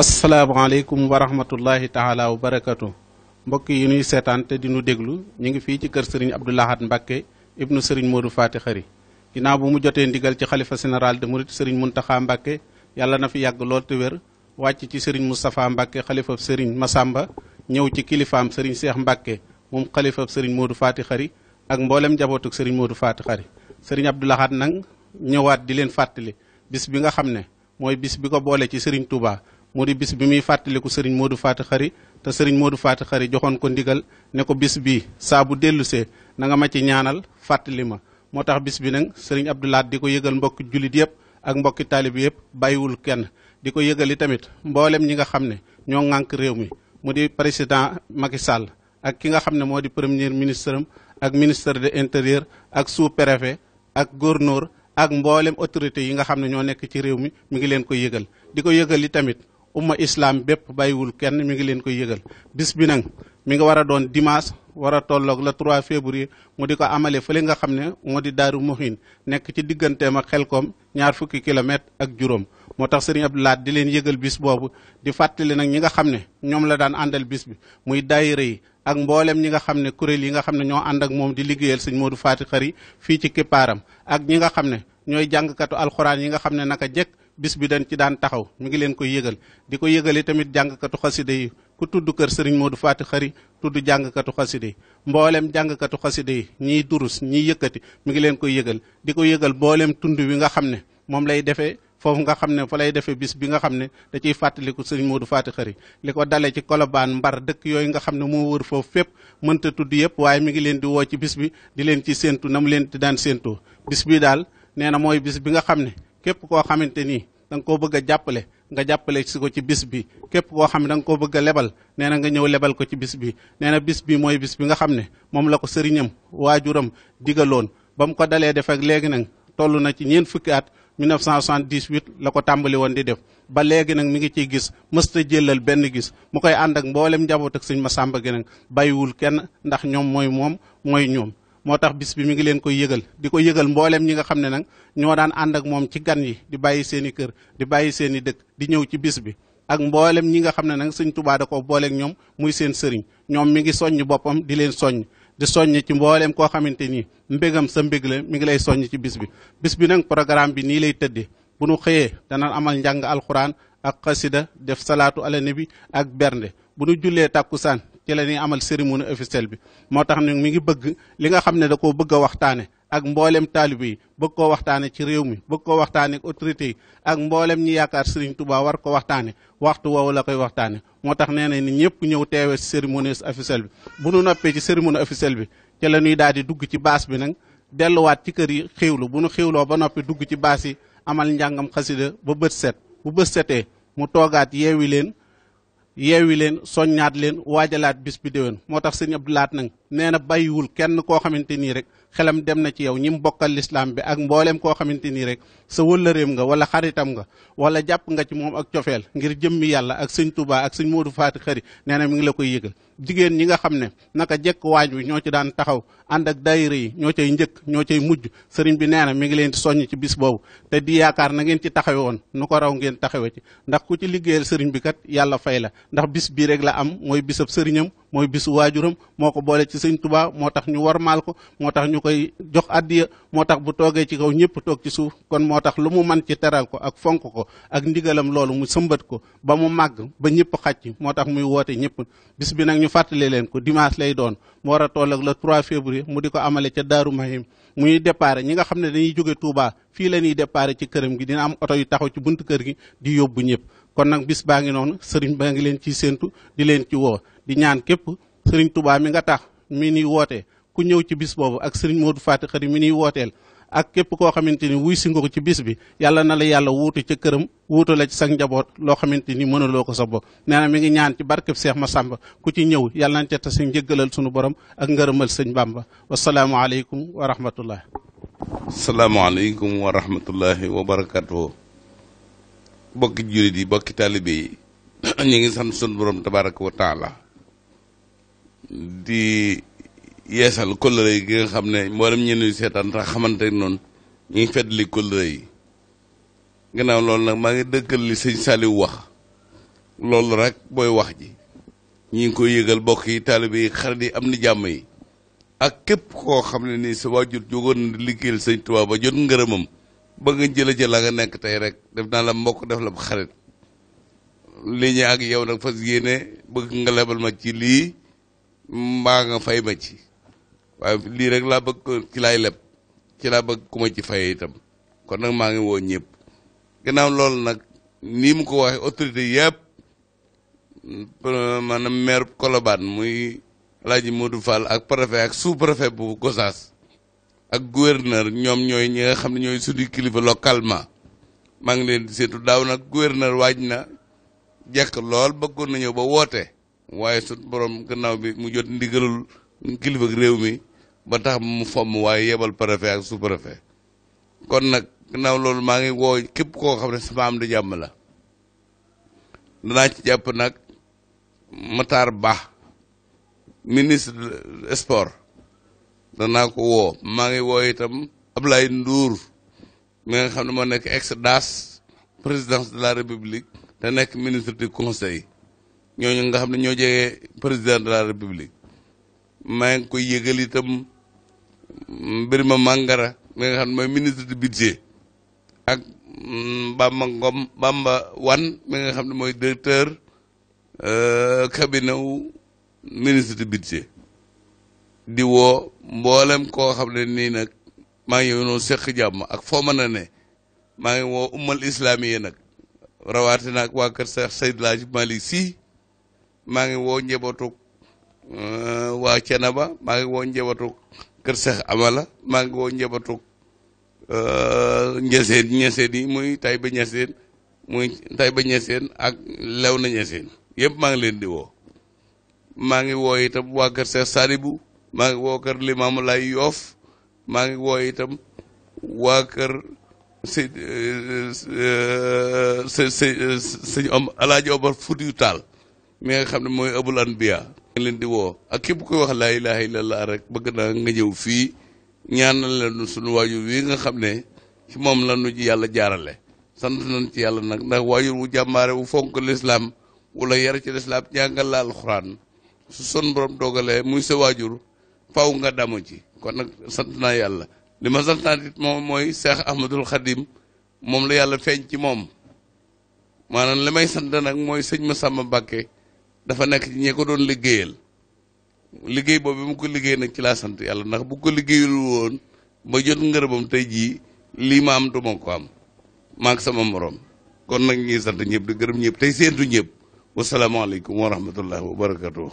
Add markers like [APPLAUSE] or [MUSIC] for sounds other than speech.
asalaamaaleykum wa rahmatullahi taala wa barakatu mbokk yi nuy seetaan te di nu déglu ñu ngi fii ci kër sëriñ Abdoulahat Mbacke ibnu sëriñ Modou Faty Khary ginnaaw bu mu jotee ndigal ci xalifa général de Mouride sëriñ Mountakha Mbacke yàlla na fi yàgg lool te wér wàcc ci sëriñ Moustapha Mbacke xalifa sëriñ masamba ñëw ci kilifaam sëriñ Cheikh Mbacke moom xalifab sëriñ Modou faati Khary ak mboolem njabootug sëriñ Modou Faty Khary sëriñ Abdoulahat nag ñëwaat di leen fàttali bis bi nga xam ne mooy bis bi ko boole ci sëriñ Touba. mu di bis bi muy fàttaliku sëriñ Modou Faty Khary te sëriñ Modou Faty Khary joxoon ko ndigal ne ko bis bii saa bu dellusee na nga ma ci ñaanal fàttali ma moo tax bis bi nag sëriñ Abdou Lahad di ko yëgal mbokki jullit yëpp ak mbokki taalib yëpp bàyyiwul kenn di ko yëgali tamit mboolem ñi nga xam ne ñoo ŋànk réew mi mu di président Macky Sall ak ki nga xam ne moo di premier ministre am ak ministre de l'intérieur ak sous-préfet ak gouverneur ak mboolem autorités yi nga xam ne ñoo nekk ci réew mi mi ngi leen ko yëgal di ko yëgal li tamit umma islam bépp bàyyiwul kenn mi ngi leen koy yëgal bis bi nag mi nga war doon dimanche war a tolloog le 3 février moo di ko amale fële nga xam ne moo di daaru muhin nekk ci digganteem ak xelkom ñaar fukki kilomètre ak juróom moo tax sëriñ Abdou Lahad di leen yëgal bis boobu di fàttali nag ñi nga xam ne ñoom la daan àndal bis bi muy dayre yi ak mboolem ñi nga xam ne kuréel yi nga xam ne ñoo ànd ak moom di liggéeyal sëñ Modou Faty Khary fii ci kippaaram ak ñi nga xam ne ñooy jàngkatu alxuraan yi nga xam ne naka jekk bis bi dañ ci daan taxaw mi ngi leen koy yëgal di ko yëgale tamit jàngkatu xaside yi ku tudd kër sëriñ du Faty Khary tudd jàngkatu xaside yi mboolem jàngkatu xaside yi ñiy durus ñii yëkkati mi ngi leen koy yëgal di ko yëgal mboolem tund wi nga xam ne moom lay defee foofu nga xam ne fa lay defee bis bi nga xam ne da ciy fàttaliku sëriñ Modou Faty Khary li ko dale ci Colobane Mbar dëkk yooyu nga xam ne moo wër foofu fépp mënta tudd yëpp waaye mi ngi leen di woo ci bis bi di leen ci séentu na leen di daan séentoo bis nee na mooy bis bi nga xam ne képp koo xamante ni danga nga koo bëgg a jàppale nga jàppale si ko ci bis bi képp koo xam ne da nga koo bëgg a lebal nee na nga ñëw lebal ko ci bis bi nee na bis bi mooy bis bi nga xam ne moom la ko sëriñam waajuram digaloon ba mu ko dalee def ak léegi nag toll na ci ñeen fukki at 1978 la ko tàmbali woon di def ba léegi nag mi ngi ci gis mësta jëlal benn gis mu koy ànd ak mboolem njaboot ak sëñ Masamba gi nag bàyyiwul kenn ndax ñoom mooy moom mooy ñoom moo tax bis bi mi ngi leen koy yëgal di ko yëgal mbooleem ñi nga xam ne nag ñoo daan ànd ak moom ci gan yi di bàyyi seeni kër di bàyyi seen i dëkk di ñëw ci bis bi ak mboolem ñi nga xam ne nag sëñ tubaa da koo mbooleek ñoom muy seen sëriñ ñoom mi ngi soññ boppam di leen soññ di soññ ci mbooleem koo xamante ni mbégam sa mbég la mi ngi lay soññ ci bis bi bis bi nag programme bi nii lay tëddee bu nu xëyee dana amal njàng alxuraan ak xasida def salaatu ala nabi ak bernde bu nu jullee tàkkusaan ci la ñuy amal cérémonie officielle bi moo tax nag mi ngi bëgg li nga xam ne da koo bëgg a waxtaane ak mboolem taalibe yi bëgg koo waxtaane ci réew mi bëgg ko waxtaane autorité yi ak mboolem ñi yaakaar Serigne tuba war ko waxtaane waxtu woowu la koy waxtaane moo tax nee na ni ñëpp ñëw teewee ci cérémonie officielle bi bu nu noppee ci cérémonie officielle bi ci la ñuy daal di dugg ci baas bi nag delluwaat ci kër yi xéwlu bu nu xéwloo ba noppi dugg ci baas yi amal njàngam xasida ba bët set bu bët setee mu toogaat yeewi leen yeewi leen soññaat leen waajalaat bis bi déwén moo tax sëñ Abdou Lahat nag nee na bàyyiwul kenn koo xamante nii rek xelam dem na ci yow ñi mu bokkal lislaam bi ak mbooleem koo xamante nii rek sa wëllëreem nga wala xaritam nga wala jàpp nga ci moom ak cofeel ngir jëmmi yàlla ak sëñ tubaa ak sëñ Modou Faati Xari nee mi ngi la koy yëgal jigéen ñi nga xam ne naka jekk waaj wi ñoo ci daan taxaw ànd ak daayira yi ñoo cay njëkk ñoo cay mujj sëriñ bi nee na mi ngi leen soññ ci bis boobu te di yaakaar na ngeen ci taxawe nu ko raw ngeen taxawe ci ndax ku ci liggéeyal sëriñ bi kat yàlla fay la ndax bis bii rek la am mooy bisab sëriñam mooy bisu waajuram moo ko boole ci sëñ Tuubaa moo tax ñu maal ko moo tax ñu koy jox addiya moo tax bu toogee ci kaw ñëpp toog ci suuf kon moo tax lu mu man ci teral ko ak fonk ko ak ndigalam loolu mu sëmbat ko ba mu màgg ba ñëpp xàcc moo tax muy woote ñëpp bis bi nag ñu fàttali leen ko dimanche lay doon mu war a toll trois le mu di ko amale ca Daaru Mahim muy départ ñi nga xam ne dañuy jóge Tuubaa fii la ñuy départ ci këram gi dina am oto yu taxaw ci buntu kër gi di yóbbu ñëpp kon nag bis baa ngi noonu sëriñ baa ngi leen ciy séentu di leen ci woo di ñaan képp sëriñ Touba mi nga tax mi nuy wootee ku ñëw ci bis boobu ak sëriñ Modou Faty Khary mi nuy wooteel ak képp koo xamante ni wuy si nga ko ci bis bi yàlla na la yàlla wuutu ca këram wuutu la ci sa njaboot loo xamante ni mënuloo ko sa bopp nee mi ngi ñaan ci barkeb Seex ma Masamba ku ci ñëw yàlla nañ ca tase njëggalal sunu borom ak ngërëmal sëñ Bamba wasalaamualeykum wa rahmatullah. salaamualeykum wa rahmatullahi wa barakatuh. bokki jullit yi bokki taalibe yi [CLEARS THROAT] ñu ngi sant sun borom tabaraka wa taala di yeesal kóllëre yi gi nga xam ne mboolem ñenn ñu seetaan tax xamante ñu ngi fedd li kóllëre yi loolu nag maa ngi dëkkal li sëñ Saliou wax loolu rek booy wax ji ñu ngi koy yëgal bokk yi taalibe yi xarit yi am ni jàmm yi ak képp koo xam ne nii sa waajur jógoon na liggéeyal sëñ Tuubaa jot ngërëmam bëgg nga jëla jël la nga nekk tey rek def naa la mbokk def la bu xarit li ñu ak yow nag fas yéene bëgg nga lebal ma ci lii mbaa nga fay ma ci waaye lii rek laa bëgg ci laay leb ci laa bëgg ku ma ci fay itam kon nag maa ngi woo ñëpp gannaaw loolu nag nii mu ko waxee autorité yëpp maanaam maire Colobane muy Alaaji Modou Fall ak préfet ak sous préfet bu Gossas ak gouverneur ñoom ñooy ñi xam ne ñooy suñu kilifa localement maa ngi leen di seetu daaw nag gouverneur waaj na jekk lool bëggoon na ñëw ba woote waaye sut borom gannaaw bi mu jot ndigalul kilifa réew mi ba tax mu fomm waaye yebal préfet ak sous préfet kon nag gannaaw loolu maa ngi woo képp koo xam ne sama am di jàmm la danaa jàpp nag Matar baax ministre sport naa ko woo maa ngi woo itam Ablaye nduur mi nga xam ne moo nekk ex DAS président de la république te nekk ministre du conseil ñooñu nga xam ne ñoo jege président de la république maa ngi koy yëgal itam Birima Mangara mi nga xam ne mooy ministre du budget ak mm, Bamba Ngom Bamba Wan mi nga xam ne mooy directeur euh, cabinet wu ministre du budget di woo mboolem koo xam ne nii nag maa ngi seq jàmm ak foo mën ne maa ngi woo ummal islaamiya nag rawatina ak waa kër Seex Seyd Laaj Si maa ngi woo njabootu uh, waa Cenaba maa ngi woo njabootu kër Seex Amala maa ngi woo njabootu uh, Ñaseen Ñaseen yi muy Tayba Ñaseen muy Tayba Ñaseen ak Lewna Ñaseen yëpp maa ngi leen diwoo maa ngi woo waa kër Seex Saalibu maa ngi woo kër Limaamu lay Yoof maa ngi woo itam waa kër si si si sëñ am eh, alaaji Omar Fuutiyu Taal mi nga xam ne mooy abul anbiya nga leen di woo ak képp koy wax laa ilaaha illallah rek bëgg naa nga ñëw fii ñaanal leen sunu waajur wi nga xam ne ci moom la nu yàlla jaarale sant nañ ci yàlla nag ndax waajur wu jàmbaare wu fonk lislaam wala yar ci lislaam jàngal la alxuraan su son borom dogalee muy sa waajur faw nga damu ci kon nag sant naa yàlla li ma sant naa it moom mooy Seex Ahmadul Xadim moom la yàlla feeñ ci moom maanaam li may sant nag mooy sëñ ma Masamba Mbàkke dafa nekk ci ñi ko doon liggéeyal liggéey boobu mu ko liggéey nag ci laa sant yàlla ndax bu ko liggéeyul woon ba jot ngërëmam tey jii lii ma am duma ko am maak sama moroom kon nag ñuy sant ñëpp di gërëm ñëpp tey séentu ñëpp wasalaamaaleykum wa rahmatullahi wa barakatuh